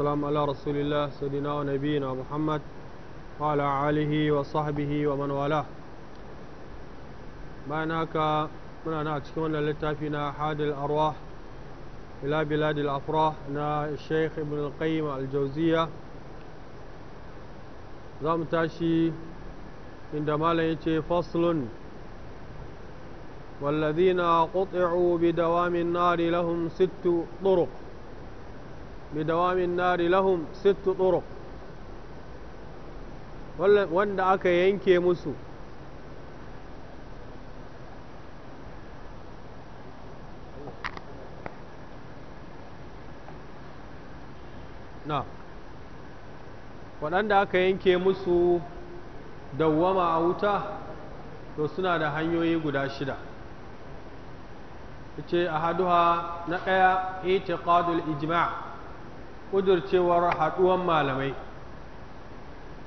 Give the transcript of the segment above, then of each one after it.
السلام على رسول الله سيدنا ونبينا محمد وعلى آله وصحبه ومن والاه معناك من أنا أتكون للتافينا أحد الأرواح إلى بلاد الأفراح نا الشيخ ابن القيم الجوزية زم تاشي عندما لا يتي فصل والذين قطعوا بدوام النار لهم ست طرق بدوام النار لهم ست طرق wanda aka yanke musu na waɗanda aka yanke musu dawwama a wuta to suna da hanyoyi guda shida ce a haduha na ɗaya itiqadul ijma' قدر تشوار حدوان مالمي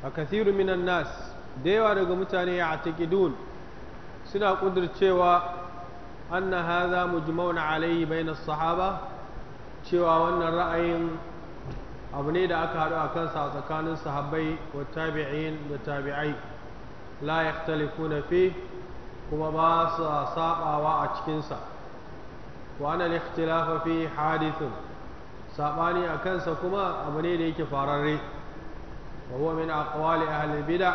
فكثير من الناس ديوار غمتاني يعتقدون سنا قدر تشوار أن هذا مجمون عليه بين الصحابة تشوار أن الرأيين أبني دا أكادو أكاسا سكان الصحابي والتابعين والتابعي لا يختلفون فيه كما باس صابا وأتكنسا وأن الاختلاف فيه حادث saɓani a kansa kuma abu ne da yake fararre wa huwa min aqwali ahli bid'a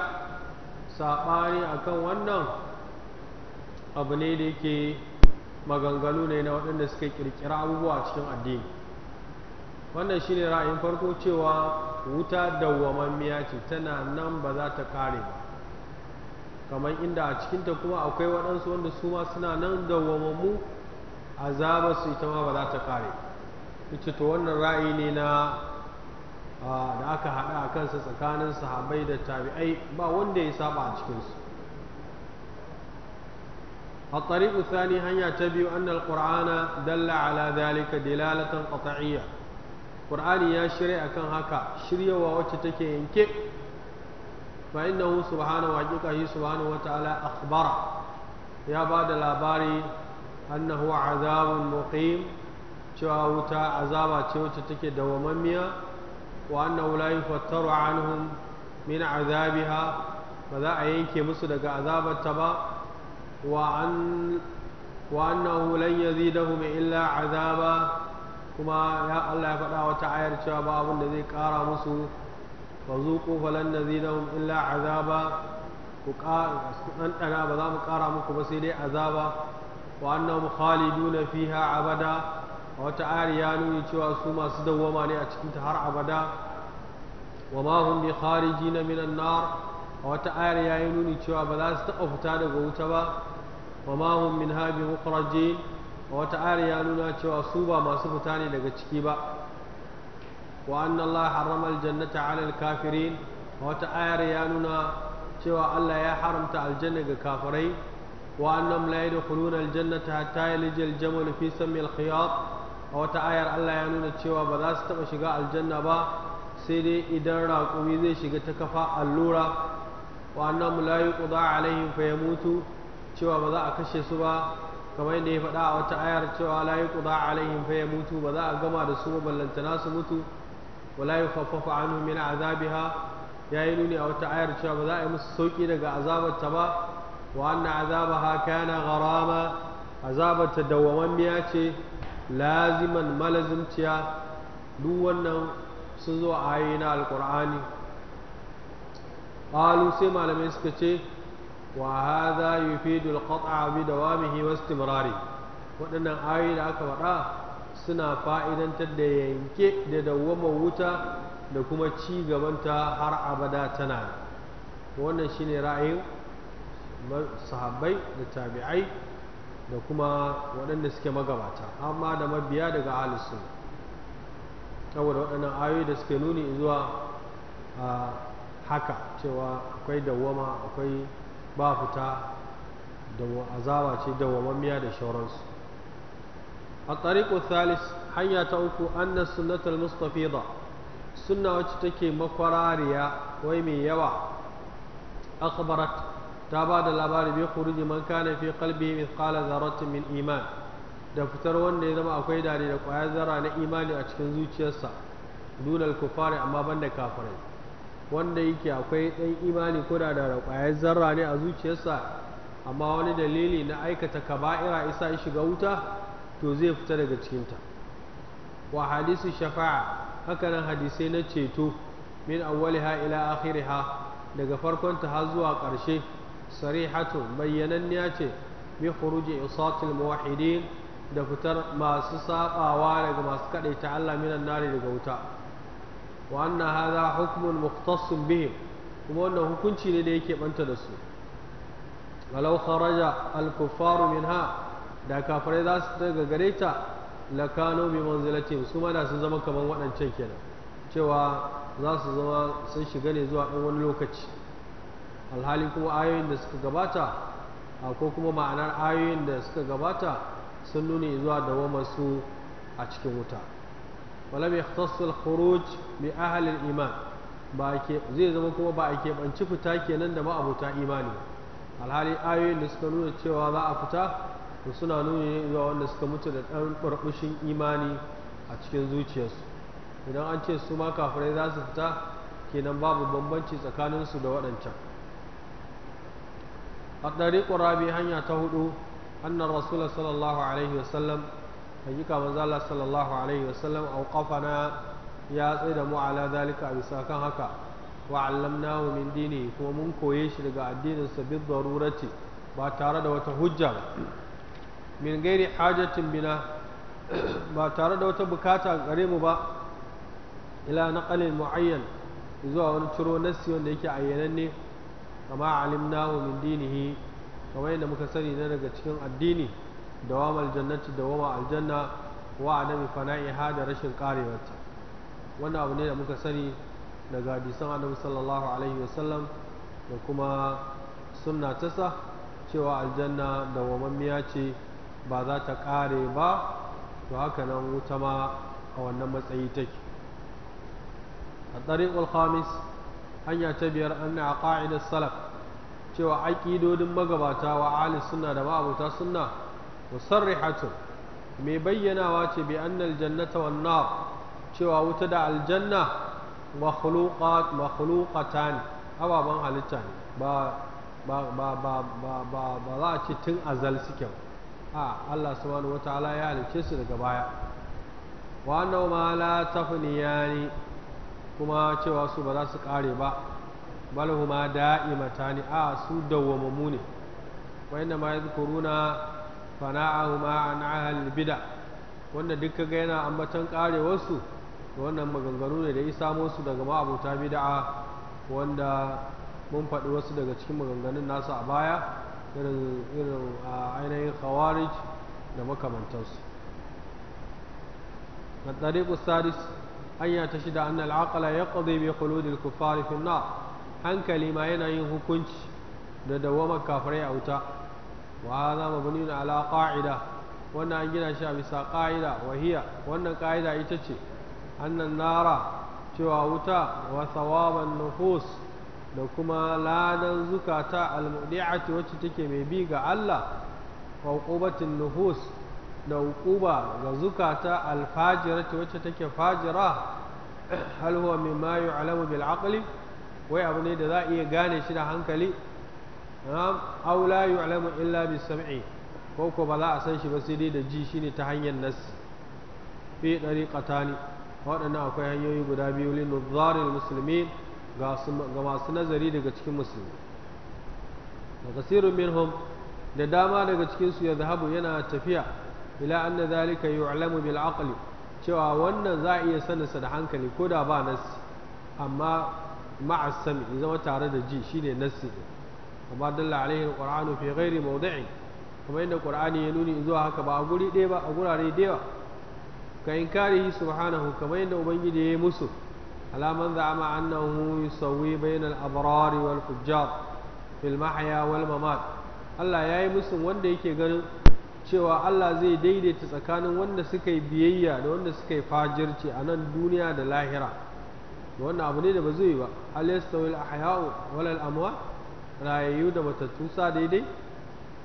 saɓani kan wannan abu ne da yake maganganu ne na waɗanda suka ƙirƙira abubuwa a cikin addini wannan shine ra'ayin farko cewa wuta dawwamammiya ce tana nan ba za ta kare ba kamar inda a cikinta kuma akwai waɗansu wanda su ma suna nan dawwamammu azaba su ita ma ba za ta kare ba ce wannan ra'ayi ne na da aka haɗa a kansa tsakanin sahabai da tabi'ai ba wanda ya saba a cikinsu a tsariɓu sani hanya ta biyu annal ƙur'ana dalla ala zalika dalalatan qat'iyya ƙur'ani ya shirya akan haka shiryawa wacce take yanke fa innahu subhanahu wa ta'ala shi subhanahu wa ta'ala ya ba da labari annahu azabun muqim cewa wuta azaba ce wacce take dawamammiya wa annahu la yufattaru anhum min azabiha ba za a yanke musu daga azabar ta ba wa an wa annahu lan yazidahum illa azaba kuma ya Allah ya faɗa wata ayar cewa ba abin da zai ƙara musu fa zuqu falan nazidahum illa azaba ku ɗanɗana ba za mu ƙara muku ba sai dai azaba wa annahum khaliduna fiha abada a wata ayar ya nuni cewa su masu dawwama ne a cikinta har abada wa ma hum bi kharijina minan nar a wata ayar ya yi nuni cewa ba za su taɓa fita daga wuta ba wa ma hum min habi mukhrajin a wata ayar ya nuna cewa su ba masu fita ne daga ciki ba wa anna Allah harrama aljannata ala alkafirin a wata ayar ya nuna cewa Allah ya haramta aljanna ga kafirai وأنهم لا يدخلون الجنة حتى يلج الجمل في سم الخياط a wata ayar Allah ya nuna cewa ba za su taɓa shiga aljanna ba sai dai idan raƙumi zai shiga ta kafa allura wa annahu la yuqda alaihim fa mutu cewa ba za a kashe su ba kamar yadda ya faɗa a wata ayar cewa la yuqda alaihim fa mutu ba za a gama da su ba ballantana su mutu wa la yukhaffafu anhum min azabiha yayi nuni a wata ayar cewa ba za a yi musu sauki daga azabar ta ba wa anna azabaha kana gharama azabar ta dawwamammiya ce laziman malazimciya duk wannan sun zo a yi na alkur'ani ƙalu sai malamai suka ce wa yi fi alqat'a bi dawamihi wa timurari waɗannan ayoyi da aka faɗa suna fa'idantar da yanke da dawwama wuta da kuma ci gabanta har abada tana wannan shine ra'ayin sahabbai da tabi'ai da kuma waɗanda suke magabata amma da mabiya daga alisun saboda waɗannan ayoyi da suke nuni zuwa haka cewa akwai dawwama akwai ba fita da azaba ce miya da shauransu a tariƙo thalis hanya ta uku anna sunnatul mustafida sunna wacce take makwarariya wai mai yawa akhbarat ta ba da labari bai khuruji man kana fi qalbi mithqala zarratin min iman da fitar wanda ya zama akwai dare da kwayar zara na imani a cikin zuciyarsa dunal kufari amma banda kafirai wanda yake akwai dan imani ko da da kwayar zarra ne a zuciyarsa amma wani dalili na aikata kaba'ira isa ya shiga wuta to zai fita daga cikinta wa hadisi shafa'a nan hadisai na ceto min awwaliha ila akhiriha daga farkonta har zuwa ƙarshe sarihatun bayyananniya ce bi khuruji isatil muwahhidin da fitar masu sabawa daga masu kadaita Allah minan nari daga wuta wa anna hadha hukmun mukhtassun bihim kuma wannan hukunci ne da yake banta da su walau kharaja al-kuffaru minha da kafirai za su daga gare ta lakano bi manzilatin su ma da su zama kamar waɗancan kenan cewa za su zama sun shiga ne zuwa ɗan wani lokaci alhalin kuma ayoyin da suka gabata ko kuma ma'anar ayoyin da suka gabata sun nuni zuwa dawamar a cikin wuta mai yahtassul khuruj mai ahalin iman ba ke zai zama kuma ba a keɓanci fita kenan da ma'abuta imani alhali ayoyin da suka nuna cewa za a fita to suna nuni zuwa wanda suka mutu da ɗan ɓarɓushin imani a cikin zuciyarsu idan an ce su ma kafirai za su fita kenan babu bambanci tsakaninsu da waɗancan الطريق الرابع hanya ta أن hannan صلى الله عليه وسلم hakika manzo Allah sallallahu alaihi wasallam auqafana ya tsaida mu ala zalika bisa kan haka wa allamnahu min dini kuma mun koye shi daga addinin sa bi darurati ba tare da wata hujja min gairi hajatin bina ba tare da wata bukata gare mu ba ila naqalin muayyan zuwa wani ciro nassi wanda yake ayyananne kama wa min dinihi kamar yadda muka sani na daga cikin addini dawam aljannati dawama aljanna wa adami fana'iha da rashin karewarta wannan abu ne da muka sani daga hadisan annabi sallallahu alaihi wasallam da kuma sunna ta cewa aljanna da dawamammiya ce ba za ta kare ba to haka nan wuta ma a wannan matsayi take a tsariƙul khamis hanya ta biyar ana ƙa'idar salaf cewa aƙidodin magabata wa ahli sunna da ma'abuta sunna musarrihatu mai bayyanawa ce bi annal jannata wan nar cewa wuta da aljanna makhluqat makhluqatan ababan halitta ne ba ba ba za a ce tun azal suke a Allah subhanahu wataala ya halice su daga baya wa annahu ma la tafniyani kuma cewa su ba za su ƙare ba balhuma da'imata ne a su dawwamammu ne wa inda ma yadhkuruna ma an ahal bid'a wanda duk kaga yana ambaton wasu da wannan maganganu ne da ya samo su daga ma'abuta bid'a wanda mun faɗi wasu daga cikin maganganun nasu a baya irin irin ainihin khawarij da makamantansu الطريق السادس hanya ta shida annal aqla yaqdi bi khuludil kuffari fi nar hankali ma yana yin hukunci da dawamar kafirai a wuta wa hadha mabniun ala qa'ida wannan an gina shi a bisa qa'ida wa hiya wannan qa'ida ita ce annan nara cewa wuta wa thawaban nufus da kuma ladan zukata al-mudi'ati wacce take mai bi ga Allah wa uqubatin nufus da hukuba ga zukata alfajira ta wacce take fajira hal huwa mimma yu'lamu bil aqli wai abu ne da za a iya gane shi da hankali na'am aw la yu'lamu illa bis sam'i ko ko ba za a san shi ba sai dai da ji shine ta hanyar nas fi dariqatani wadannan akwai hanyoyi guda biyu lin nuzaril muslimin ga masu nazari daga cikin musulmi da kasirun minhum da dama daga cikin su ya zahabu yana tafiya ila anna zalika yu'lamu bil aqli cewa wannan za a iya saninsa da hankali ko da ba nassi amma ma'a sami zama tare da ji shine nassi amma dalla alaihi alqur'anu fi ghairi mawdi'i kuma inda qur'ani ya nuni zuwa haka ba a guri ɗaya ba a gurare da yawa ka inkarihi subhanahu kamar yadda ubangiji ya yi musu alaman za'ama annahu yusawwi bainal abrari wal fujjar fil mahya wal mamat Allah ya yi musu wanda yake ganin cewa Allah zai daidaita tsakanin wanda suka yi biyayya da wanda suka yi fajirci a nan duniya da lahira wannan abu ne da ba zai yi ba hal yastawil ahya'u wal amwa rayayyu da matattu sa daidai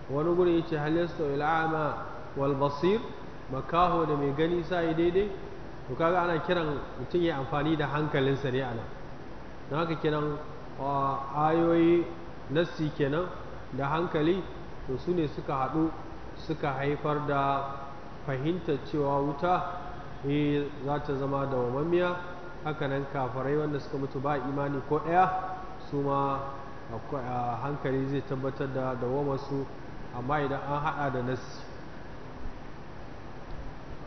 wani gurin yace hal yastawil a'ma wal basir makaho da mai gani sa yi daidai to kaga ana kiran mutum ya amfani da hankalinsa ne a nan don haka kiran ayoyi nassi kenan da hankali to su ne suka haɗu suka haifar da fahimtar cewa wuta e za ta zama da wamammiya hakanan kafarai wanda suka mutu ba imani ko ɗaya su ma hankali zai tabbatar da dawamarsu amma idan an haɗa da nasi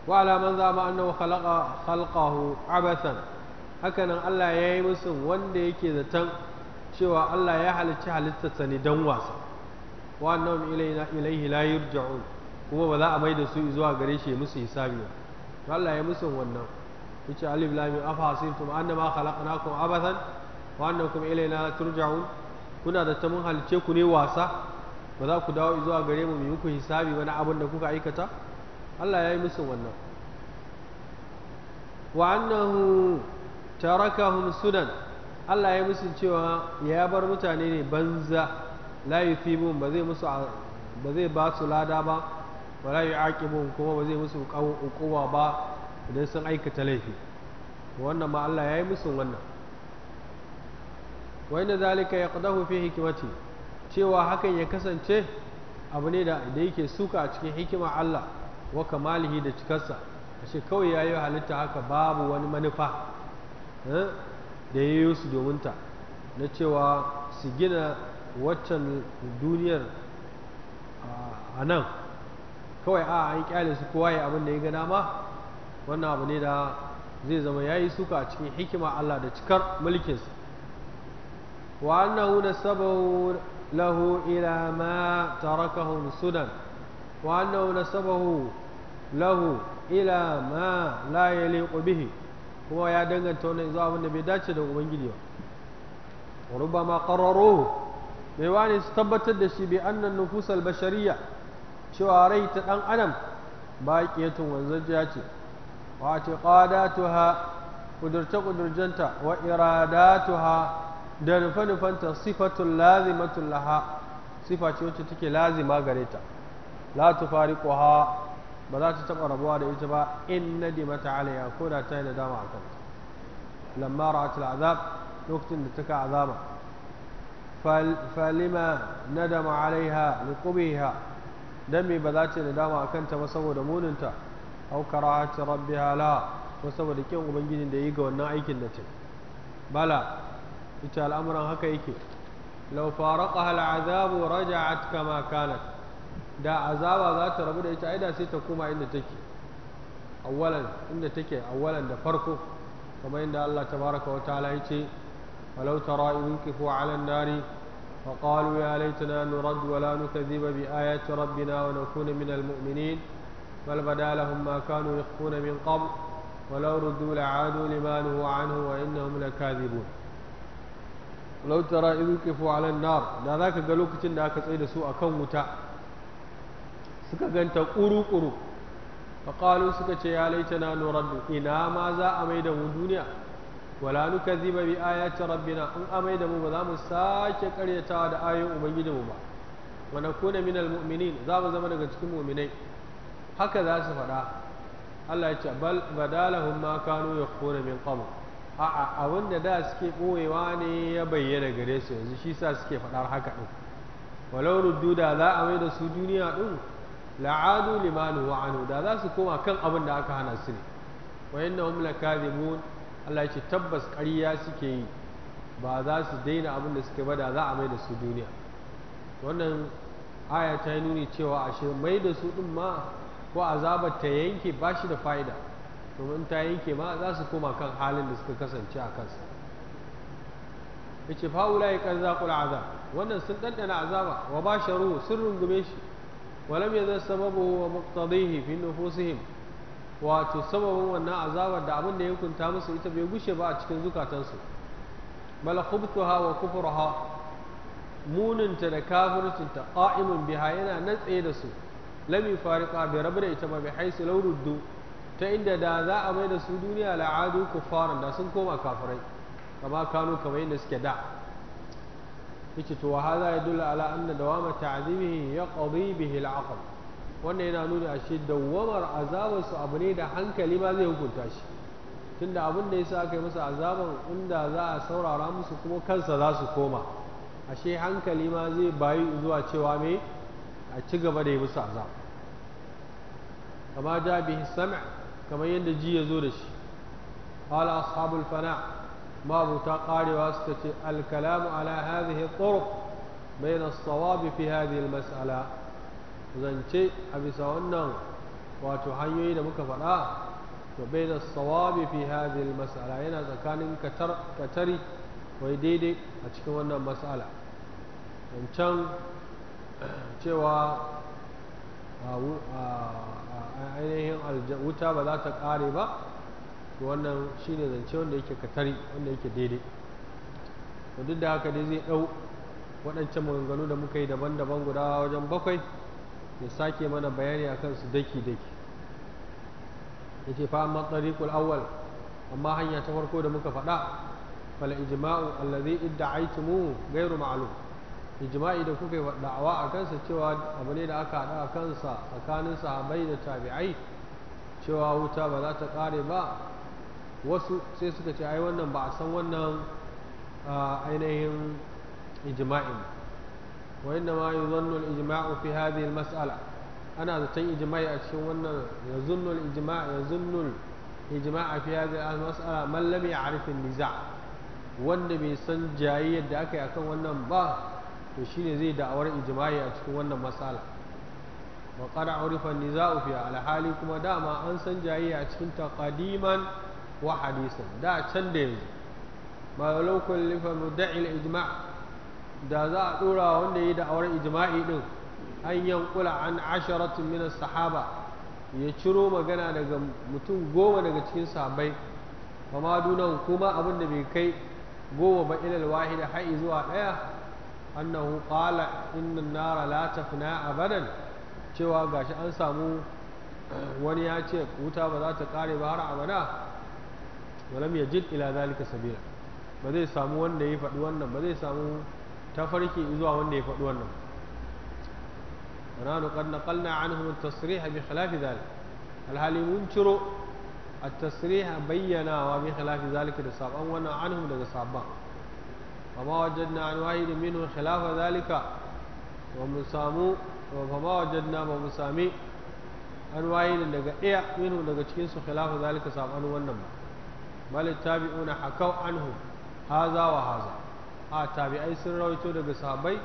wa alaman zama annahu khalaqa khalqahu abathan hakanan Allah ya yi musu wanda yake zaton cewa Allah ya halicci halittarsa ne don wasa wa annahum ilayna ilayhi la yurja'u kuma ba za a mai da su zuwa gare shi musu hisabi ba Allah ya musu wannan yace alif lam mim afa annama khalaqnakum abathan wa annakum ilayna turja'u kuna da ta mun halice ku ne wasa ba za ku dawo zuwa gare mu mu muku hisabi wani abin da kuka aikata Allah ya yi musu wannan wa annahu tarakahum sunan Allah ya musu cewa ya bar mutane ne banza la yi ba ba zai ba su lada ba ba la yu'aqibun kuma ba zai musu uquwa ba idan sun aikata laifi wannan ma Allah ya yi musu wannan wa inna zalika yaqdahu fi hikimati cewa hakan ya kasance abu ne da da yake suka a cikin hikima Allah wa kamalihi da cikarsa ashe kawai ya yayi halitta haka babu wani manufa eh, da ya yi su domin ta na cewa su gina waccan duniyar a nan kawai a an kyale su kowa ya abin da ya ga dama wannan abu ne da zai zama ya yi suka a cikin hikima Allah da cikar mulkinsa wa annahu nasabahu lahu ila ma tarakahu sunan wa annahu nasabahu lahu ila ma la yaliqu bihi kuma ya danganta wani zuwa abin bai dace da ubangiji ba ربما قرروه mai wane su tabbatar da shi bi annan nufusar bashariya cewa rai ta ɗan adam ba ƙetun wanzajiya ce wace ƙadatuha ƙudurce-ƙudurcenta wa iradatuha da nufe-nufenta sifatun lazimatun laha sifa ce wacce take lazima gare ta la tufariquha ba za ta taɓa rabuwa da ita ba in nadimata alayha ko da ta yi nadama a kanta lamma ra'atul azab lokacin da ta ka azaba falima nadama alaiha liqubiha dan me ba za ta nadama akan ta ba saboda muninta au karahat rabbiha la ko saboda kin ubangijin da yi ga wannan aikin da ta bala ita al'amuran haka yake law faraqaha al'azabu raja'at kama kanat da azaba za ta rabu da ita aida sai ta koma inda take awwalan inda take awwalan da farko kamar inda Allah tabaraka wa ta'ala yace ولو ترى إذ وقفوا على النار فقالوا يا ليتنا نرد ولا نكذب بآيات ربنا ونكون من المؤمنين بل بدا لهم ما كانوا يخفون من قبل ولو ردوا لعادوا لما نهوا عنه وإنهم لكاذبون ولو ترى إذ وقفوا على النار da za ka ga lokacin da aka tsaye da su a kan wuta suka ganta ƙuru-ƙuru faƙalu suka ce ya laitana nuraddu ina ma za a mai da mu duniya wala zima bi ayatun rabbina in amai da mu ba za mu sake karyatawa da ayoyin mu ba wa nakuna min mu'minin za mu zama daga cikin mu'minai haka za su faɗa Allah ya ce bal badalahum ma kanu yakhuna min qabl a'a abin da da suke boyewa ne ya bayyana gare su yanzu shi sa suke faɗar haka din walau ruddu za a mai da su duniya din la'adu limanu anu da za su koma kan abin da aka hana su ne wa innahum lakazibun Allah ce tabbas ƙarya suke yi ba za su daina abin da suke bada za a mai da su duniya wannan aya ta nuni cewa a shi mai da su ɗin ma ko azabar ta yanke ba shi da fa'ida domin ta yanke ma za su koma kan halin da suka kasance a kansa yace fa ulai kan zaƙul azab wannan sun dandana azaba wa basharu sun rungume shi walam ya sababu wa muqtadihi fi nufusihim wato sababin wannan azabar da abin da ya hukunta musu ita bai gushe ba a cikin zukatansu bal khubtuha wa kufruha muninta da kafircinta qa'imun biha yana natsaye da su lam yufariqa bi rabbi ita ma bi haisu law ruddu ta inda da za a mai da su duniya la'adu kufaran da sun koma kafirai kama kanu kamar yadda suke da yace to wa hadha yadullu ala anna dawama ta'zimihi yaqdi bihi al wannan yana nuni nuna ashe dawwamar azabarsu abu ne da hankali ma zai hukunta shi tunda abin da yasa aka yi masa azaban inda za a saurara musu kuma kansa za su koma ashe hankali ma zai bayi zuwa cewa me a ci gaba da yi musu azab kama ja bihi sam' kamar yadda ji ya zo da shi qala ashabul fana ma bu ta qarewa suka ce al kalamu ala hadhihi turuq bayna as-sawab fi hadhihi al-mas'ala zance a bisa wannan wato hanyoyi da muka faɗa to bai da sawabi fi hadhihi mas'ala yana tsakanin katar katari wai daidai a cikin wannan mas'ala wancan cewa a ainihin wuta ba za ta ƙare ba to wannan shine zance wanda yake katari wanda yake daidai to duk da haka dai zai ɗau waɗancan maganganu da muka yi daban-daban guda wajen bakwai ya sake mana bayani a kansu daki daki ya ce fa’an matsari awwal amma hanya ta farko da muka faɗa fala ijima’u allazi mu gairu ma’alu ijima’i da kuka yi da'awa a kansa cewa abu ne da aka haɗa a kansa tsakanin sahabai da tabi'ai cewa wuta ba za ta ƙare ba wasu sai suka ce ai wannan ba a san wannan ah, ainihin ijma'in وإنما يظن الإجماع في هذه المسألة أنا أتي إجماع أتشون يظن الإجماع يظن الإجماع في هذه المسألة من لم يعرف النزاع والنبي سن جاية داكي أكون ونم با تشين زي دعور إجماع أتشون مسألة وقد عرف النزاع فيها على حالكم داما أنسن جاية أتشون تقديما وحديثا دا تشندين ما لو كلف مدعي الإجماع da za a ɗora wanda ya yi da'awar ijma'i ɗin an yankula an asharatun min sahaba ya ciro magana daga mutum goma daga cikin sahabbai amma ma dunan kuma abin da bai kai goma ba ilal wahida har zuwa ɗaya annahu qala inna nara la tafna abadan cewa gashi an samu wani ya ce wuta ba za ta kare ba har abada walam yajid ila zalika sabila ba zai samu wanda ya faɗi wannan ba zai samu tafarki zuwa wanda ya faɗi wannan ranu qad naqalna anhum at-tasrih bi khilafi dhalik alhali mun ciro at-tasrih bayyanawa bi khilafi dhalik da saban wannan anhum daga saban amma wajadna an wahidin minhu khilafa dhalika wa mun samu wa ma wajadna ba mu sami an wahidin daga ɗaya minhu daga cikin su khilafa dhalika saban wannan ba bal tabi'una hakaw anhum haza wa haza a tabi'ai sun rawaito daga sahabbai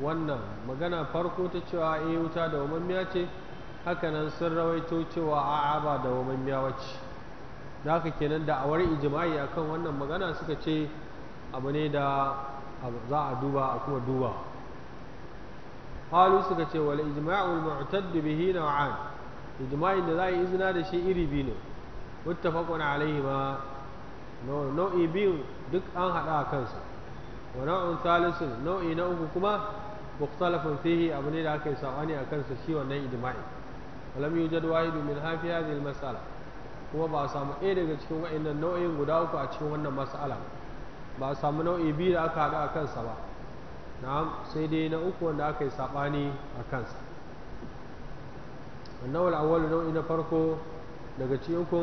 wannan magana farko ta cewa eh wuta da wamammiya ce hakanan sun rawaito cewa a'a aba da wamammiya wace da haka kenan da awar ijma'i akan wannan magana suka ce abu ne da za a duba a kuma duba halu suka ce wal ijma'ul da bihi naw'an ijimai da za a yi izina da shi iri biyu ne muttafaqun alaihi ma nau'i biyu duk an hada a kansa wa nau'un salisun nau'i na uku kuma mukhtalafun fihi abu ne da aka yi sabani a kansa shi wannan ijma'i walam yujad wahidu min hafi hadhihi mas'ala kuma ba a samu ɗaya daga cikin wa'inan nau'in guda uku a cikin wannan mas'ala ba a samu nau'i biyu da aka haɗu a kansa ba na'am sai dai na uku wanda aka yi saɓani a kansa النوع الأول farko daga لقد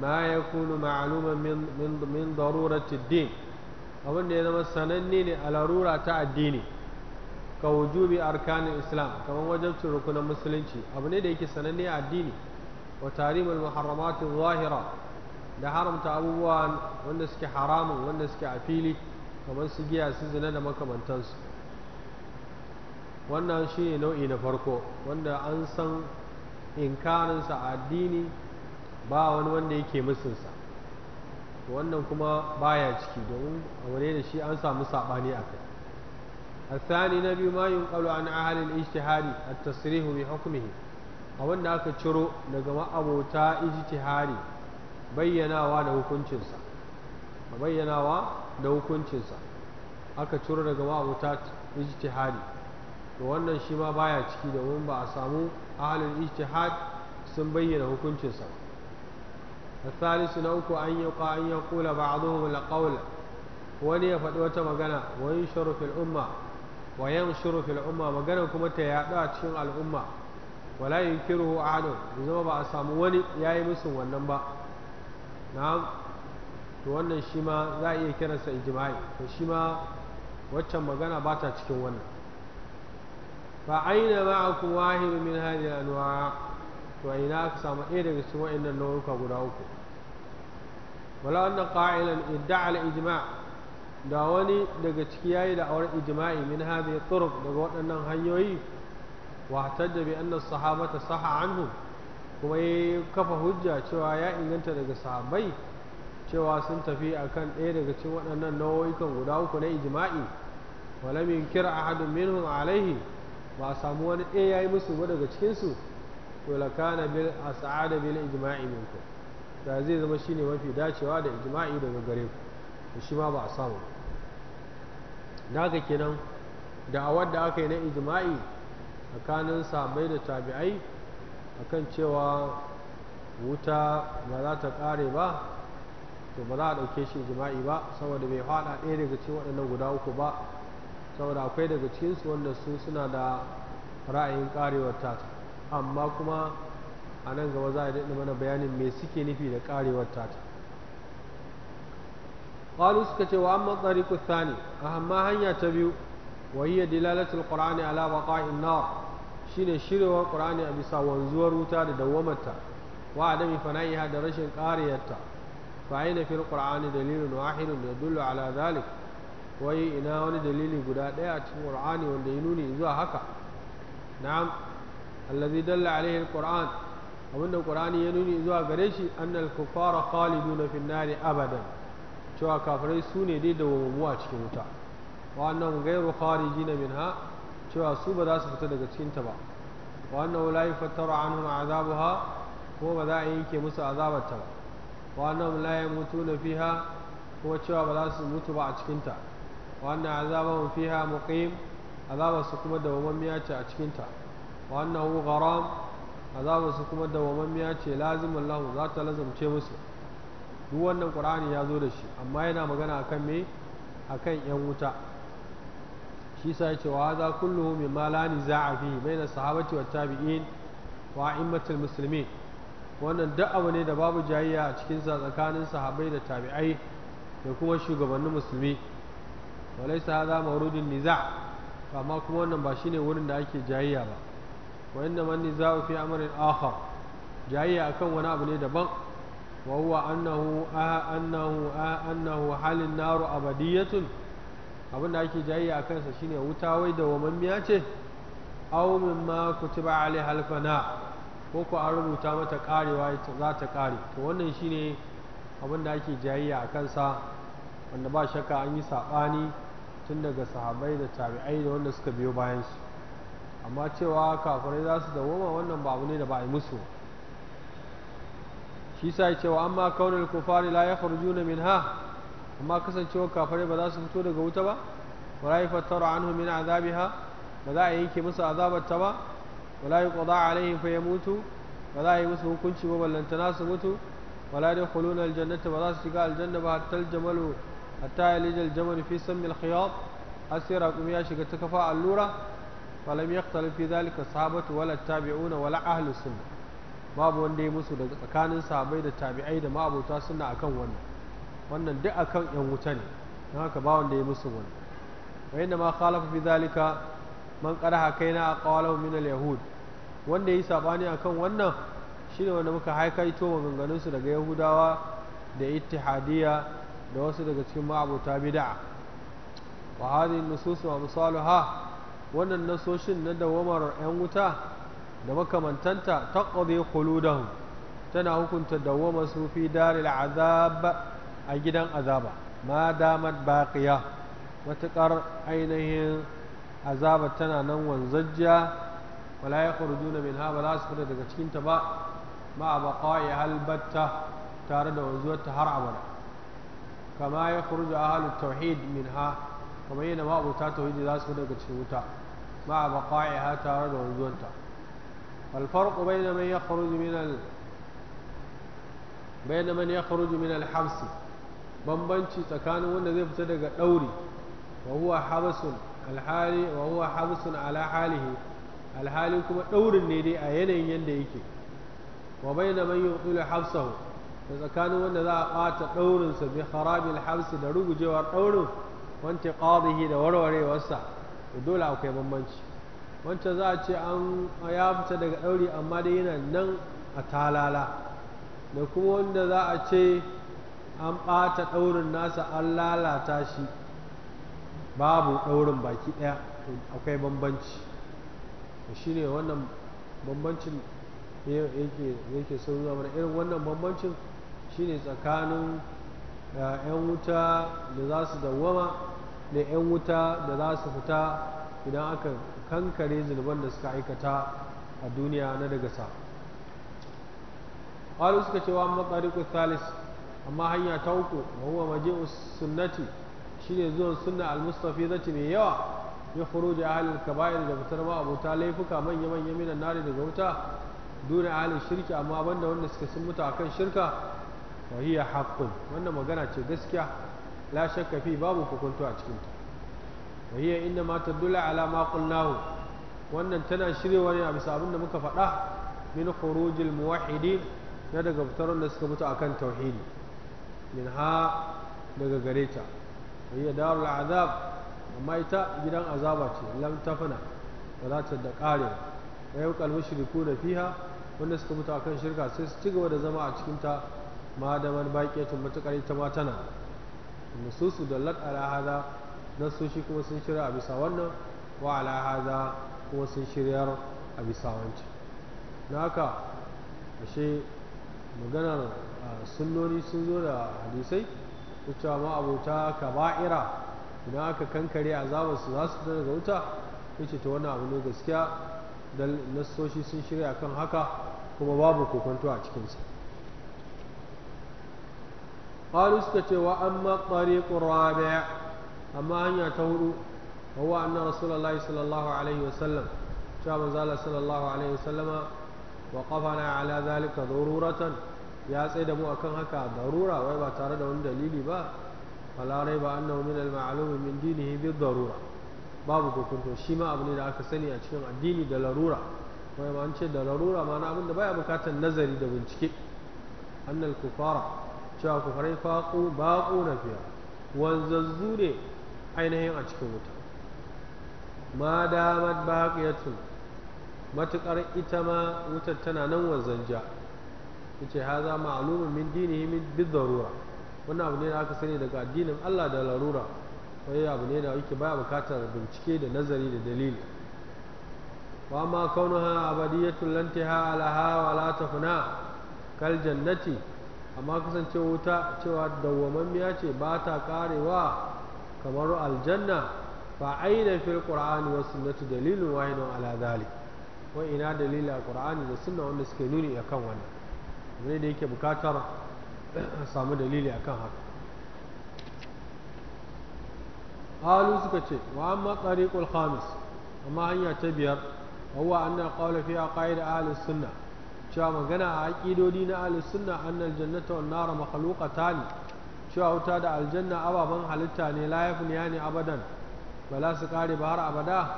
ما يكون معلوما من من min ضرورة الدين abin da ya zama sananne ne a larura ta addini ka wujubi arkanin islam kamar wajabcin rukunan musulunci abu ne da yake sananne a addini wa tarimul muharramatu zahira da haramta abubuwa wanda suke haramun wanda suke a fili kamar su giya su zina da makamantansu wannan shi ne nau'i na farko wanda an san inkarinsa a addini ba wani wanda yake musunsa to wannan kuma baya ciki domin aure da shi an samu saɓani a kai الثاني نبي ما ahalin عن a الاجتهاد التصريح بحكمه a wanda aka ciro daga ma'abota ijtihari bayyanawa da hukuncinsa bayyanawa da hukuncinsa aka ciro daga ma'abota ijtihari to wannan shi ma baya ciki domin ba a samu ahalin ijtihad sun bayyana hukuncinsa ba الثالث نوك أن يقع أن يقول بعضهم لقول ولي فتوة مغنى وينشر في الأمة وينشر في الأمة مغنى كما تيادات شن الأمة ولا ينكره أحد بزما ما أسامو وني ياي مسن والنبا نعم na'am to لا shi ma za a مغنى باتا ijma'i فأين معكم واحد من هذه الأنواع to a ina aka samu ɗaya daga cikin wa'annan nau'uka guda uku wala wannan qa'ilan idda al ijma da wani daga ciki yayi da awar ijima'i min hadhihi turuq daga waɗannan hanyoyi wa hatajja bi anna sahabata saha anhu kuma ya kafa hujja cewa ya inganta daga sahabbai cewa sun tafi akan ɗaya daga cikin waɗannan nau'ikan guda uku na ijma'i walam kira ahadun minhum alaihi ba samu wani ɗaya yi musu ba daga cikinsu to la kana bil as'ada bil ijma'i minku da zai zama shine mafi dacewa da ijma'i daga gare ku shi ma ba a samu daga kenan da'awar da aka yi na ijma'i tsakanin sabai da tabi'ai akan cewa wuta ba za ta kare ba to ba za a ɗauke shi ijma'i ba saboda bai haɗa ɗaya daga cikin waɗannan guda uku ba saboda akwai daga cikinsu wanda su suna da ra'ayin karewar tata amma kuma a nan gaba za a daɗa mana bayanin me suke nufi da ƙarewar tata ƙwaru suka ce wa an matsari kuthani a hamma hanya ta biyu wa hiya dilalatul qur'ani ala waqa'in nar shine shirewar qur'ani a bisa wanzuwar wuta da dawwamarta wa adami fana'iha da rashin ƙariyarta na aina fil dalilin dalilun wahidun yadullu ala zalik wai ina wani dalili guda ɗaya a cikin qur'ani wanda ya nuni zuwa haka na'am allazi dalla alaihi alquran abinda qur'ani ya nuni zuwa gare shi annal kufara khaliduna fin nari abadan cewa kafirai su ne dai da a cikin wuta wa annahum ghayru kharijina minha cewa su ba za su fita daga cikin ta ba wa annahu la yufattaru anhum azabuha ko ba za a yanke musu azabar ta ba wa annahum la yamutuna fiha ko cewa ba za su mutu ba a cikin ta wa anna azabahum fiha muqim azabar su kuma dawwammiya ce a cikin ta wa annahu gharam azabar su kuma dawamammiya ce lazimin lahu za ta lazimce musu duk wannan qur'ani ya zo da shi amma yana magana akan me akan yan wuta shi sa ya ce wa hadha kulluhu mimma la niza'a fihi baina sahabati wat tabi'in wa a'immatul muslimin wannan duk abu ne da babu jayayya a cikin sa tsakanin sahabbai da tabi'ai da kuma shugabannin musulmi walaysa hadha mawrudun niza' amma kuma wannan ba shine wurin da ake jayayya ba wa inna za nizau fi amrin akhar a kan wani abu ne daban wa huwa annahu annahu annahu halin naru abin da ake jayya akan sa shine wuta wai da wamammiya ce aw mimma kutiba alaiha halfana ko ko an rubuta mata karewa za ta kare to wannan shine abin da ake jayayya a kansa wanda ba shakka an yi saɓani tun daga sahabai da tabi'ai da wanda suka biyo bayansu amma cewa kafirai za su dawoma wannan ba abu ne da ba a yi musu shi sa ya cewa amma kaunar kufari la ya kharju na min ha amma kasancewar kafirai ba za su fito daga wuta ba wala yi fattara anhu min azabiha ba za a yanke musu azabar ta ba wala yi qada alaihim fa mutu ba za a yi musu hukunci ba ballantana su mutu wala yadkhuluna aljannata ba za su shiga aljanna ba hatta aljamalu hatta yalija aljamal fi sammi alkhiyat asira kuma ya shiga ta kafa allura falam yakhtali fi dhalika sahabatu wala tabi'una wala ahlus sunna babu wanda ya musu daga tsakanin sahabbai da tabi'ai da ma'abota sunna akan wannan wannan duk akan yan wuta ne don haka ba wanda ya musu wannan wa inna ma khalafa fi dhalika man qaraha kaina aqwalahu min al-yahud wanda yi sabani akan wannan shine wanda muka haikaito maganganun su daga yahudawa da ittihadiyya da wasu daga cikin ma'abota bid'a wa hadhihi an-nusus wa misaluha wannan nasoshin na dawamar 'yan wuta da makamantanta taqdi khuludahum tana hukunta dawama su fi daril azab a gidan azaba ma damat baqiya matuƙar ainihin azaba tana nan wanzajja wala yakhrujuna minha ba za su fita daga cikinta ba ma ya halbatta tare da wanzuwar ta har abada kama a ahlut tauhid minha kamar yana ma abota tauhidi za su fita daga cikin wuta مع بقائها تارا وعدوان والفرق بين من يخرج من ال... بين من يخرج من الحبس بمبنشي تكان وانا ذي ابتدق دوري وهو حبس الحالي وهو حبس على حاله الحالي كما دور النيدي اين ان يندئك وبين من يطيل حبسه إذا كان وانا ذا قات دور بخراب الحبس لرغ جوار دوره وانتقاضه لورور وسعر dole akwai bambanci wancan za a ce an ya fita daga ɗauri amma dai yana nan a talala da kuma wanda za a ce an ɓata ɗaurin nasa an lalata shi babu ɗaurin baki ɗaya akwai bambanci shi ne wannan bambancin yake sun zama irin wannan bambancin shi ne tsakanin eh, 'yan wuta da za su dawama da 'yan wuta da za su fita idan aka kankare zunuban da suka aikata a duniya na daga sa ƙwari suka ce wa matsariƙu salis amma hanya ta uku wa huwa maji'u sunnati shine zuwan sunna al-mustafi zati mai yawa ya ahalin ahlul kaba'ir da fitar ma abota laifuka manya manya minan nari daga wuta duna ahalin shirki amma banda wanda suka sun mutu akan shirka wa hiya wannan magana ce gaskiya la shakka fi babu kokonto a cikin ta wahiya inda ma dula ala wannan tana shirya ne a bisa da muka faɗa min khurujil muwahhidin na daga fitarun da suka mutu akan tauhidi min ha daga gare ta wahiya darul azab amma ita gidan azaba ce lam tafana ba za ta da kare wa yau kalmi shiriku da fiha wanda suka mutu akan shirka sai su ci gaba da zama a cikin ta ma da man baƙiyatun matuƙar ita ma tana nususu dallat ala lahaza nasoshi kuma sun shirya a bisa wannan wa ala hada kuma sun shirya a bisa wancan na haka ashe maganar sunnoni sun zo da hadisai wucewa ma abota kaba'ira idan aka kankare azabar su za su fita daga wuta ta wani abu ne gaskiya dan nasoshi sun shirya kan haka kuma babu kokonto a cikinsu. qalu suka ce wa amma tariqur rabi' amma hanya ta hudu huwa anna rasulullahi sallallahu alaihi wasallam cewa manzo Allah sallallahu alaihi wasallama وقفنا على ذلك ضرورة يا سيد مو أكن هكا ضرورة ويبا تارد وان دليل با فلا ريب أنه من المعلوم من دينه بالضرورة babu hukunto shi ma abu ne da aka sani a cikin addini da larura wai ma an ce da larura ma na abin da baya bukatar nazari da bincike annal kufara cewa farai faƙo baƙo na fiya Wanzan ne ainihin a cikin wuta ma damar baƙiyatun matuƙar ita ma wutar tana nan wanzanja ha haza ma'alumin min yi min zarura wannan abu ne da aka sani daga addinin Allah da larura Wani abu ne da yake baya bukatar bincike da nazari da dalili wa ma kaunuha abadiyatun lantaha alaha wa la kal jannati amma kasance wuta cewa dawwamammiya ce ba ta karewa kamar aljanna fa aina fil qur'ani was sunnati dalilun wahidun ala dhalik wa ina dalila qur'ani da sunna wanda suke nuni akan wannan ne da yake bukatar samu dalili akan haka halu suka ce wa amma tariqul khamis amma hanya ta biyar huwa anna qawla fiha qaid ahli sunnah cewa magana a aƙidodi na ahlus sunna annal jannata wan nar makhluqatan cewa wuta da aljanna ababen halitta ne la yafniyani abadan ba za su kare ba har abada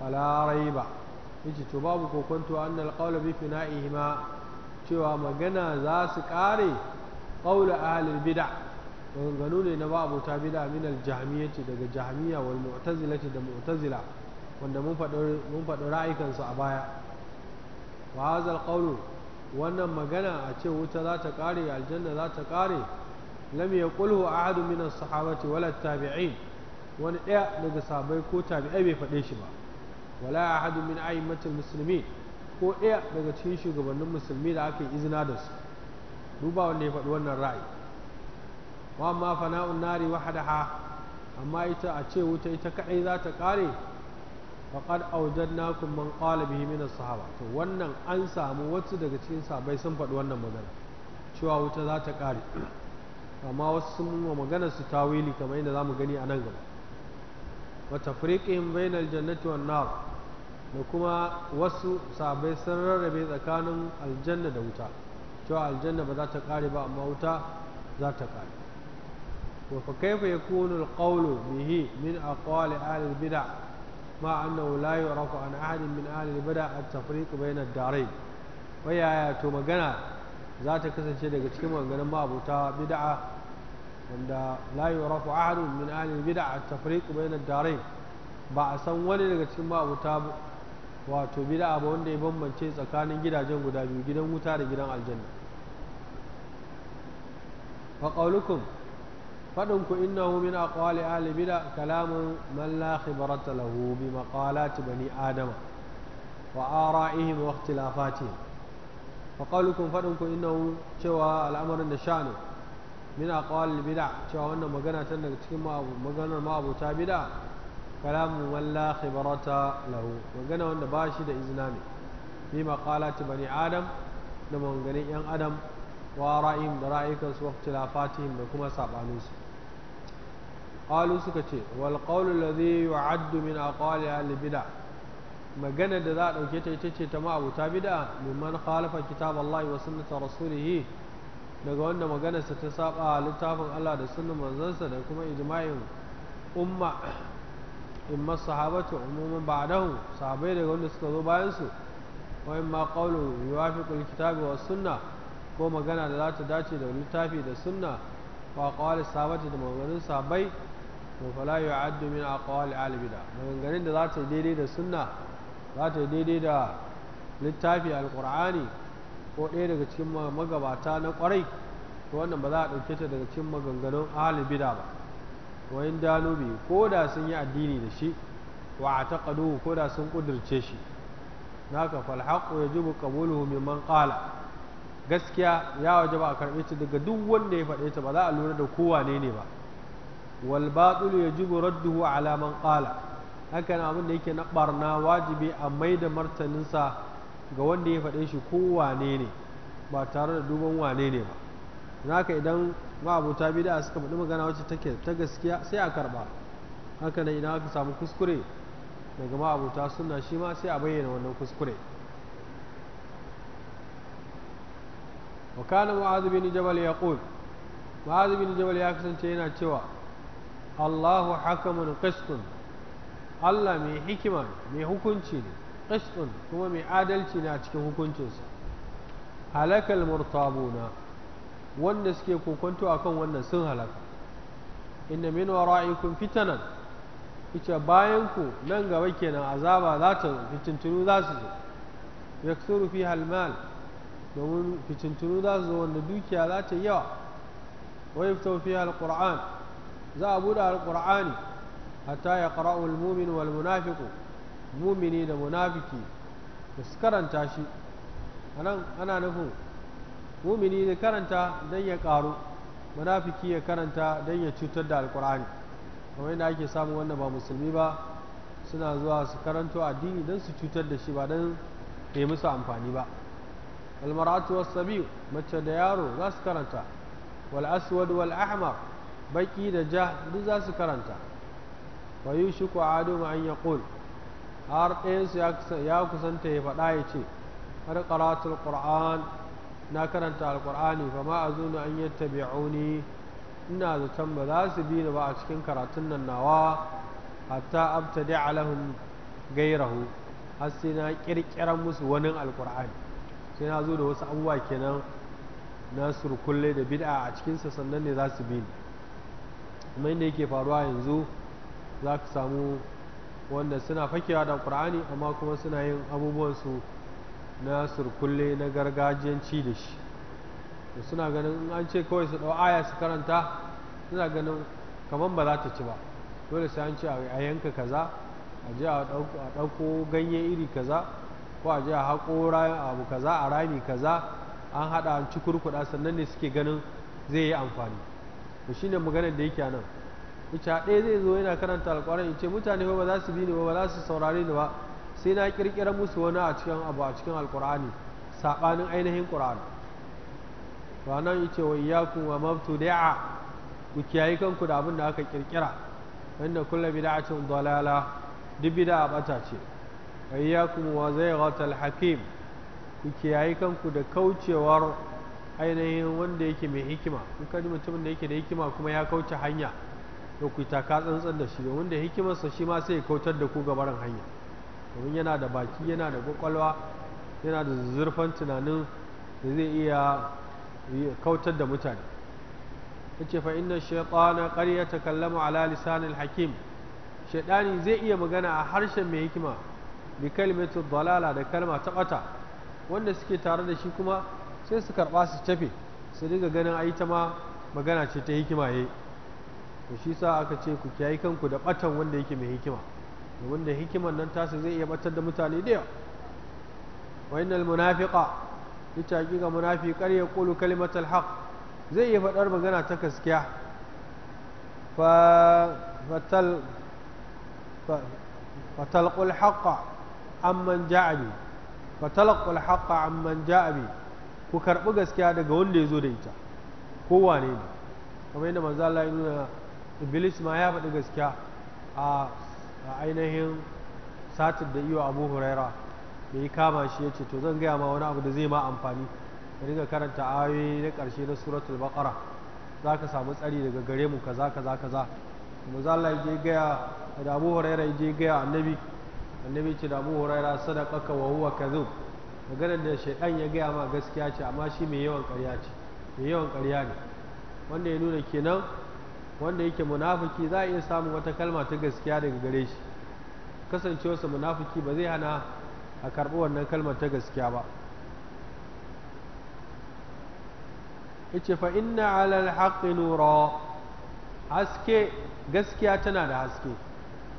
fala raiba yace to babu kokonto annal qawla bi fina'ihima cewa magana za su kare qawla ahlul bid'a gano ne na ba'abuta bid'a min al ce daga jahmiya wal ce da mu'tazila wanda mun faɗi raikansu a baya wa hazal wannan magana a ce wuta zata kare aljanna zata ta kare lam yaqulhu a min as-sahabati wala wani ɗaya daga sabai ko tabi'ai bai faɗe shi ba wala ahadu min a'immatil muslimin ko ɗaya daga cikin shugabannin musulmi da aka yi izina da su duba wanda ya faɗi wannan ra'ayi wa amma fana'un nari wahadaha amma ita a ce wuta ita kaɗai za ta ƙare faqad awjadnakum man qala min sahaba to wannan an samu wasu daga cikin sabai sun faɗi wannan magana cewa wuta za ta ƙare amma wasu sun wa maganar su tawili kamar yadda zamu gani a nan gaba wa tafriqihim bainal jannati wan nar da kuma wasu sabai sun rarrabe tsakanin aljanna da wuta cewa aljanna ba za ta ƙare ba amma wuta za ta ƙare wa fa kaifa yakunu bihi min aqwali ahli ma مع أنه لا ahadin min أحد من أهل البدع التفريق بين الدارين ويا تو مغانا ذات كسن شيء daga cikin maganganun mabuta bid'a wanda la yurafu ahad min ahli bid'a at-tafriq bayna ad-darain ba a san wani daga cikin mabuta wato bid'a ba wanda ya bambance tsakanin gidajen guda biyu gidan wuta da gidan aljanna wa qaulukum faɗin ku innahu min aqwali ahli bid'a kalamun man la khibrata lahu bi maqalati bani adama wa ara'ihim wa ikhtilafatihim fa faɗin ku innahu cewa al'amarin da sha'ani min aqwali bid'a cewa wannan magana ta daga cikin maganar ma'abuta bid'a kalamun man la khibrata lahu magana wanda ba da izina ne bi maqalati bani adam da yan adam wa ra'ayim da ra'ayikansu da kuma saɓaninsu qalu suka ce wal qawlu alladhi yu'addu min aqwali ahli bid'a magana da za a dauke ta ita ce ta ma'abuta bid'a liman khalafa kitab Allah wa sunnata rasulih daga wanda maganarsa ta saba littafin Allah da sunnan manzansa da kuma ijma'in umma imma sahabatu umuman ba'dahu sahabai daga wanda suka zo bayan su wa imma qawlu yuwafiqul kitabi wa sunna ko magana da za ta dace da littafi da sunna wa qawli sahabati da maganganun sahabbai to fala yu'addu min aqwal al-bid'a maganganun da za ta yi daidai da sunna za ta yi daidai da littafi alqur'ani ko ɗaya daga cikin magabata na kwarai to wannan ba za a ɗauke ta daga cikin maganganun al bid'a ba to in danubi ko da sun yi addini da shi wa ataqadu ko da sun ƙudurce shi naka fal haqqu yajibu qabuluhu mimman qala gaskiya ya wajaba a karɓe ta daga duk wanda ya faɗe ta ba za a lura da kowa ne ne ba wal batil yajibu radduhu ala man qala hakan abin da yake na barna wajibi a mai da martaninsa ga wanda ya faɗe shi ko wane ne ba tare da duban wane ne ba haka idan ma'abuta da suka faɗi magana wacce take ta gaskiya sai a karɓa haka nan idan aka samu kuskure daga ma'abuta sunna shi ma sai a bayyana wannan kuskure wa kana mu'adh bin jabal yaqul mu'adh bin jabal ya kasance yana cewa Allahu hakamun qistun Allah mai hikima ne mai hukunci ne qistun kuma mai adalci ne a cikin hukuncinsa halakal murtabuna wanda suke kokonto akan wannan sun halaka inna min wara'ikum fitanan ita bayan ku nan gaba kenan azaba za ta fitintunu za su zo yaksuru fi halmal domin fitintunu za su zo wanda dukiya za ta yawa wa yaftau fi alquran za a buɗe alƙur'ani hatta ya ƙara'ul mumin wal munafiku mumini da munafiki da su karanta shi anan ana nufin mumini da karanta don ya ƙaru munafiki ya karanta don ya cutar da alƙur'ani kamar yadda ake samu wanda ba musulmi ba suna zuwa su karanto addini don su cutar da shi ba don ya musu amfani ba almaratu wasu mace da yaro za su karanta wal aswad wal ahmar baki da ja duk za su karanta wa a adu an ƙul har ɗayansu ya kusanta ya faɗa ya ce har qaratul qur'an na karanta alqur'ani fa ma na an yattabi'uni ina zaton ba za su bi ni ba a cikin karatun nan nawa hatta abtadi alahun gairahu har sai na ƙirƙirar musu wani alqur'ani sai na zo da wasu abubuwa kenan na surkulle da bid'a a cikinsa sannan ne za su bi ni kuma inda yake faruwa yanzu za ka samu wanda suna fakewa da ƙur'ani amma kuma suna yin abubuwansu na surkulle na gargajiyanci da shi suna ganin in an ce kawai su ɗau aya su karanta suna ganin kamar ba za ta ci ba dole sai an ce a yanka kaza a je a ɗauko ganye iri kaza ko a je a haƙo abu kaza a rami kaza an haɗa an ci kurkuɗa sannan ne suke ganin zai yi amfani to shine maganar da yake nan yace ɗaya zai zo yana karanta ya ce mutane ba za su bi ni ba za su saurare ni ba sai na kirkira musu wani a cikin abu a cikin alƙur'ani saɓanin ainihin ƙur'an to nan yace wa iyyakum wa da'a ku kiyaye kanku da abin da aka kirkira inna kullu bid'atin dalala duk bid'a bata ce wa wa zayghatal hakim ku kiyaye kanku da kaucewar ainihin wanda yake mai hikima in kaji mutumin da yake da hikima kuma ya kauce hanya to ku taka tsantsan da shi domin da hikimarsa shi ma sai ya kautar da ku gabaran hanya domin yana da baki yana da kwakwalwa yana da zurfan tunanin da zai iya kautar da mutane yace fa inna karya ta yatakallamu ala lisanil hakim shaydani zai iya magana a harshen mai hikima bi kalimatu dalala da kalma ta bata wanda suke tare da shi kuma sai su karɓa su tafe su riga ganin ai ta ma magana ce ta hikima yi to shi sa aka ce ku kiyaye kanku da batan wanda yake mai hikima domin da hikiman nan tasa zai iya batar da mutane da yawa wa innal munafiqa ita ga munafiqar ya qulu kalimatal haqq zai iya faɗar magana ta gaskiya fa fatal fatalqul haqqa amman ja'abi fatalqul haqqa amman ja'abi ku karɓi gaskiya daga wanda ya zo da ita kowane ne kamar yadda manzo Allah nuna Iblis ma ya faɗi gaskiya a ainihin satin da iyo Abu Huraira da ya kama shi ya ce to zan gaya ma wani abu da zai ma amfani ka riga karanta ayoyi na ƙarshe na suratul baqara za ka samu tsari daga gare mu kaza kaza kaza manzo Allah ya je gaya da Abu Huraira ya je gaya annabi annabi ce da Abu Huraira sadaqaka wa huwa maganar da shaidan ya gaya ma gaskiya ce amma shi mai yawan karya ce mai yawan karya ne wanda ya nuna kenan wanda yake munafuki za a iya samun wata kalma ta gaskiya daga gare shi kasancewarsa munafuki ba zai hana a karɓi wannan kalmar ta gaskiya ba yace fa inna ala haqqi nura haske gaskiya tana da haske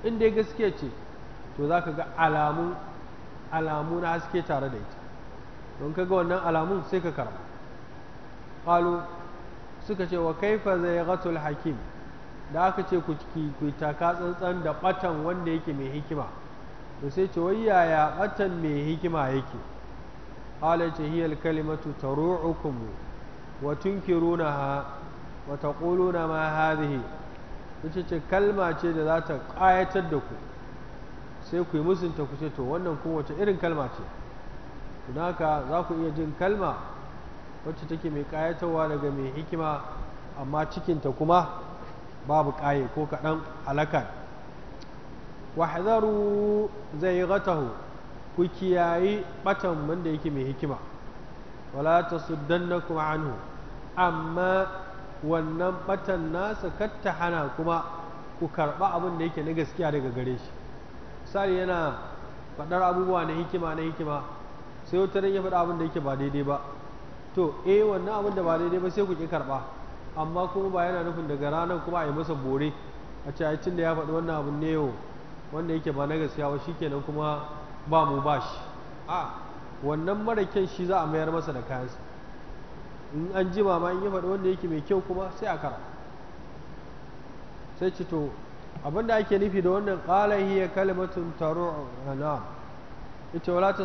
in dai gaskiya ce to zaka ga alamun alamu na haske tare da ita don kaga wannan alamun sai ka karba qalu suka ce wa kaifa zayghatul hakim da aka ce ku ku taka tsantsan da batan wanda yake mai hikima to sai ce wai yaya batan mai hikima yake qala ce hiyal kalimatu taru'ukum wa tunkirunaha wa taquluna ma hadhihi ce kalma ce da za ta ƙayatar da ku sai ku yi musinta ku ce to wannan kuma wace irin kalma ce don haka za ku iya jin kalma wacce take mai ƙayatarwa daga mai hikima amma cikinta kuma babu kaye ko kaɗan alakan wahzaru zai gatahu ku kiyayi batan wanda yake mai hikima wala ta kuma hannu amma wannan batan nasa katta hana kuma ku karɓa abin da yake na gaskiya daga gare shi sari yana faɗar abubuwa na hikima na hikima sai wata ran ya faɗa abin da yake ba daidai ba to eh wannan abin ba daidai ba sai ku ki karɓa amma kuma ba yana nufin daga ranar kuma a yi masa bore a ce ai ya faɗi wannan abin ne yau wanda yake ba na gaskiya ba shikenan kuma ba mu ba shi a wannan mara kyan shi za a mayar masa da kayansa in an jima ma in ya faɗi wanda yake mai kyau kuma sai a kara sai ci to abinda ake nufi da wannan qala hiya kalimatun na ita wala ta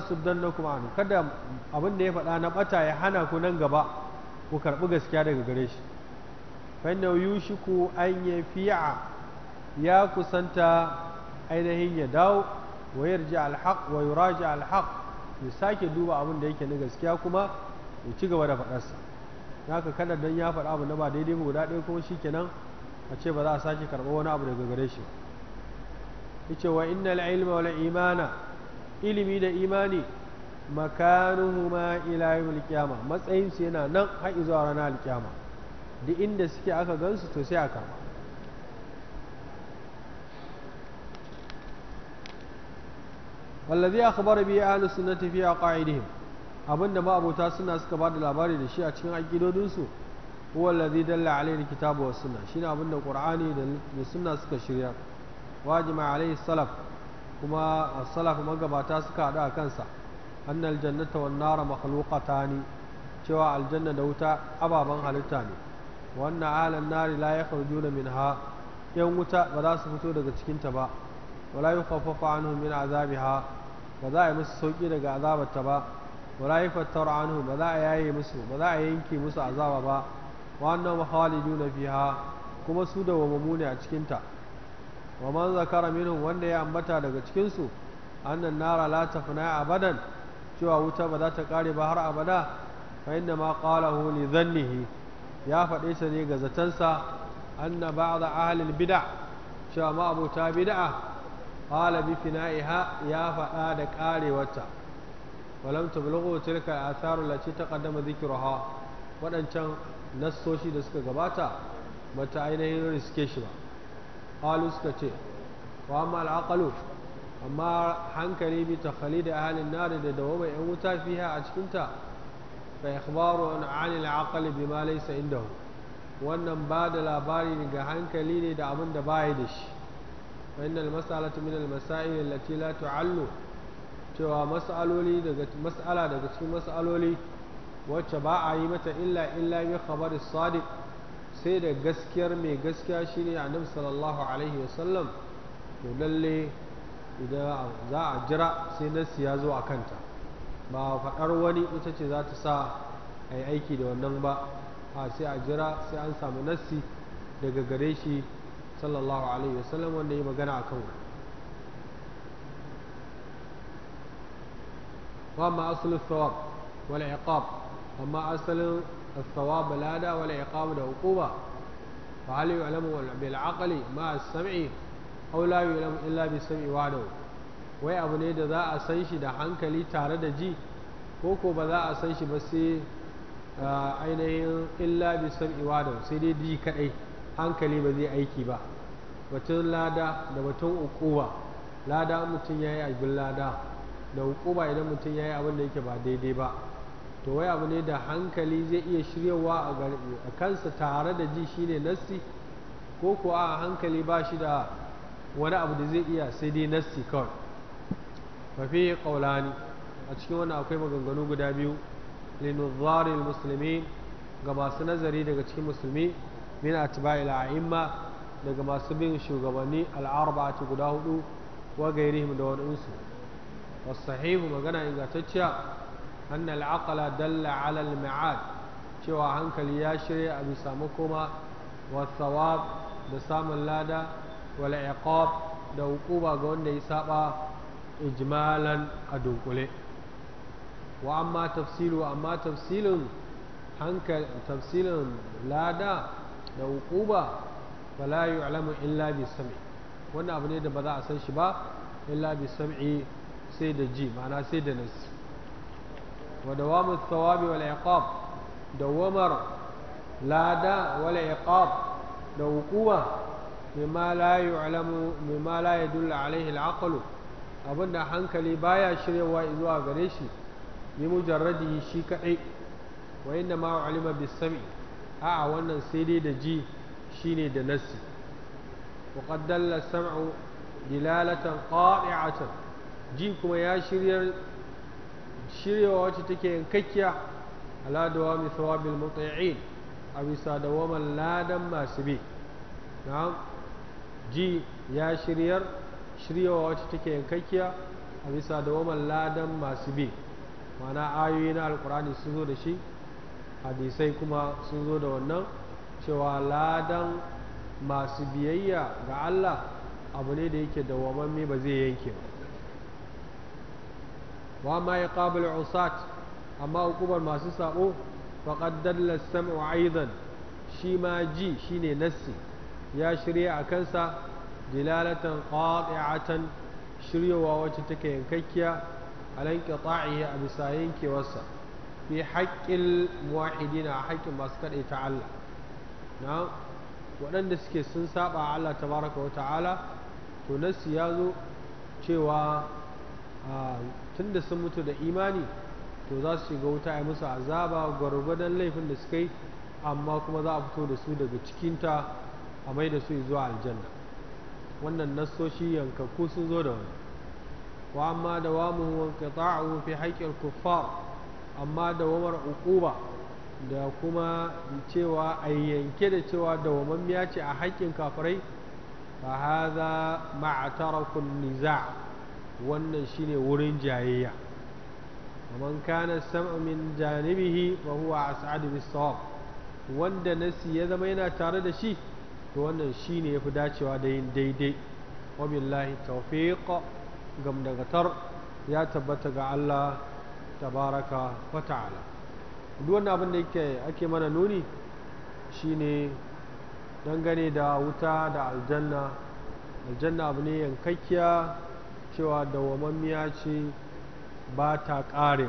kuma an kada abinda ya faɗa na bata ya hana ku nan gaba ku karɓi gaskiya daga gare shi fa inna yushiku an yafi'a ya kusanta ainihin ya dawo wa yarji alhaq wa yuraji alhaq ya sake duba abin da yake na gaskiya kuma ya ci gaba da faɗarsa haka kada don ya faɗa abu na ba daidai ba guda ɗaya kuma shikenan a ce ba za a sake karɓa wani abu daga gare shi ce wa innal ilma wal imana ilimi da imani makanuhu ma yawmil qiyama matsayinsu yana nan har zuwa ranar alkiyama da inda suke aka gansu to sai aka wallazi akhbara bi ahli sunnati fi aqaidihim abinda ma abota suna suka ba da labari da shi a cikin aqidodin huwa alladhi dalla alayhi kitabu was sunna shine abinda qur'ani da sunna suka shirya wajima alayhi salaf kuma salaf magabata suka hada a kansa annal jannata wan nara makhluqatani cewa aljanna da wuta ababan halitta ne wannan alan nari la yakhrujuna minha yan wuta ba za su fito daga cikin ta ba wala yukhaffafa anhum min azabiha ba za a yi musu sauki daga ta ba wala yufattaru anhum ba za a yaye musu ba za a yanke musu azaba ba Wannan annahum khaliduna fiha kuma su da wamamu ne a cikinta wa man zakara minhum wanda ya ambata daga cikin su annan nara la tafna abadan cewa wuta ba za ta kare ba har abada fa inna ma qalahu li dhannihi ya faɗe shi ne ga zatansa anna ba'd ahli bid'a cewa ma abota bid'a qala bi fina'iha ya faɗa da karewarta walam tablughu tilka al-atharu lati taqaddama dhikruha wadancan nassoshi da suka gabata ba ta ainihin riske shi ba qalu suka ce wa amma al'aqalu amma hankali bi takhali da ahalin nari da dawama yan wuta fiha a cikinta fa ikhbaru an an al'aqal bima laysa indahu wannan ba da labari ga hankali ne da abin da baya da shi fa innal mas'alatu min al masail allati la tu'allu cewa mas'aloli daga mas'ala daga cikin mas'aloli wacce ba a yi mata illa illa bi khabari sadiq sai da gaskiyar mai gaskiya shine annabi sallallahu alaihi wasallam to lalle idan za a jira sai nasi ya zo kanta ba faɗar wani ita ce za ta sa a yi aiki da wannan ba a sai a jira sai an samu nasi daga gare shi sallallahu alaihi wasallam wanda ya magana a kan wa ma thawab wal iqab amma asalin da الثواب لا والعقاب ده عقوبة فهل ma بالعقل sami السمع أو لا illa إلا sami wadau wai abu ne da za a san shi da hankali tare da ji ko ko ba za a san shi ba sai ainihin illa bi sam'i wadau sai dai ji kadai hankali ba zai aiki ba batun lada da batun ukuba lada mutum yayi abin lada da ukuba idan mutum yayi abin da yake ba daidai ba to wai abu ne da hankali zai iya shiryawa a garbe a kansa tare da ji shine nassi ko ko a hankali ba shi da wani abu da zai iya sai dai nassi kawai mafi kaulani a cikin wani akwai maganganu guda biyu linuzari musulmi ga masu nazari daga cikin musulmi min atba'il a'imma daga masu bin shugabanni al'arba'atu guda hudu wa gairihim da wani insu wasu sahihu magana ingantacciya annal aqala dalla ala al ma'ad cewa hankali ya shirya a bisa makoma wa thawab da samun lada wal iqab da hukuma ga wanda ya saba ijmalan a dunkule wa amma tafsilu amma tafsilin hankali tafsilin lada da hukuma fala yu'lamu illa bi sam'i wannan abu ne da ba za a san shi ba illa bi sam'i sai da ji mana sai da nasi ودوام الثواب والعقاب دومر لادا والعقاب da مما لا يعلم مما لا يدل عليه العقل abin da hankali baya shiryawa zuwa gare shi bi mujarradi shi kaɗai wa inda ma ulima bis sam'i a'a wannan sai dai da ji shine da nassi wa qad dalla sam'u dilalatan qati'atan ji kuma ya shiryar shirya wacce take yankakkiya ala mai sawabin muti'in a bisa dawaman ladan masu bi na ji ya shiryar shiryawa wacce take yankakkiya a bisa dawaman ladan masu bi mana ayoyi na alkurani sun zo da shi hadisai kuma sun zo da wannan cewa ladan masu biyayya ga Allah abu ne da yake dawamamme ba zai yanke ba wa ma yaqabul usat amma hukumar masu sabo faqad dalla sam'u aidan shi ma ji shine nassi ya shirya a kansa dilalatan qati'atan shiryowa wacce take yankakkiya alan qita'ihi a bisa yankewarsa fi haƙƙin muwahidina a haƙƙin masu kaɗai ta Allah na waɗanda suke sun saba Allah tabaraka wa ta'ala to nassi ya zo cewa ah, tun da sun mutu da imani to za su shiga wuta a musu azaba gwargwadon laifin da suka yi amma kuma za a fito da su daga cikinta a mai da su zuwa aljanna wannan nassoshi yankakku sun zo da wani wa amma da wamu wanqita'u fi haƙƙin kuffar amma da wamar uquba da kuma cewa a yanke da cewa da dawamammiya ce a haƙƙin kafirai fa hadha ma'a niza' wannan shine wurin jayayya man kana sam'a min janibihi fa huwa as'adu bis wanda nasi ya zama yana tare da shi to wannan shine yafi dacewa da yin daidai wa billahi tawfiq gam daga tar ya tabbata ga Allah tabaraka wa ta'ala duk wannan abin da yake ake mana nuni shine dangane da wuta da aljanna aljanna abu ne yankakkiya cewa dawamammiya ce ba ta ƙare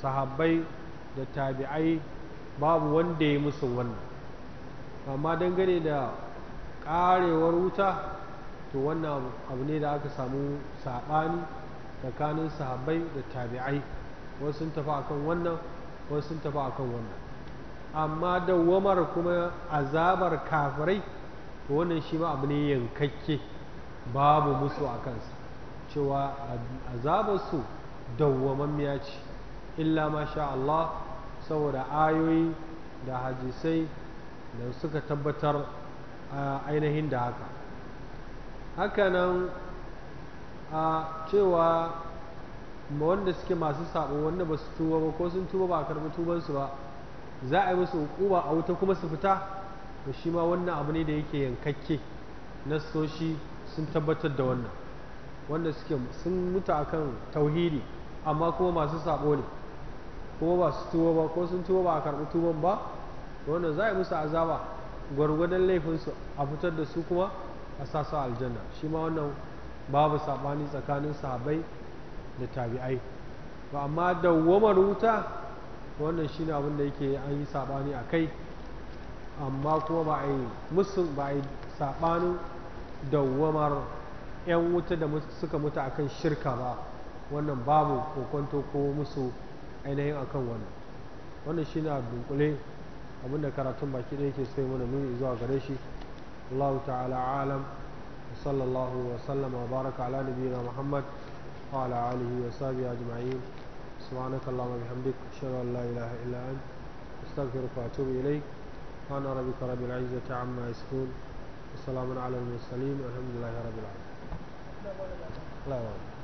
sahabbai da tabi'ai babu wanda ya musu wannan amma dangane da ƙarewar wuta to wannan abu ne da aka samu saɓani tsakanin sahabbai da tabi'ai wasu sun tafi akan wannan wasu sun tafi akan wannan amma dawamar kuma azabar kafirai to wannan shi ma abu ne yankakke babu musu a kansu cewa azabarsu dawwamammiya ce illa masha Allah saboda ayoyi da hadisai da suka tabbatar ainihin da haka hakanan a cewa wanda suke masu sabo wanda ba su tuba ba ko sun tuba ba a karɓi tubansu ba za a yi musu hukuma a wuta kuma su fita to shi ma wannan abu ne da yake yankakke na soshi sun tabbatar da wannan wanda suke sun mutu akan tauhidi amma kuma masu sabo ne kuma ba su tuwo ba ko sun tuwo ba a karɓi tuban ba wannan za a yi musu azaba gwargwadon laifinsu a fitar da su kuma a sasa aljanna shi ma wannan babu saɓani tsakanin sahabai da tabi'ai ba amma dawwamar wuta wannan shine abin da yake an yi saɓani a kai amma kuma ba a yi musu ba a yi saɓanin dawwamar 'yan wuta da suka mutu akan shirka ba wannan babu kokonto ko musu ainihin akan wannan wannan shi ne dunkule abinda karatun baki ɗaya ke sai mana nuni zuwa gare shi Allah ta'ala alam sallallahu wa sallama wa baraka ala nabiyina Muhammad wa ala alihi wa sahbihi ajma'in subhanaka allahumma bihamdik ashhadu la ilaha illa anta astaghfiruka wa atubu ilayk ana rabbika rabbil izzati amma yasifun وسلام على المرسلين والحمد لله رب العالمين لا والله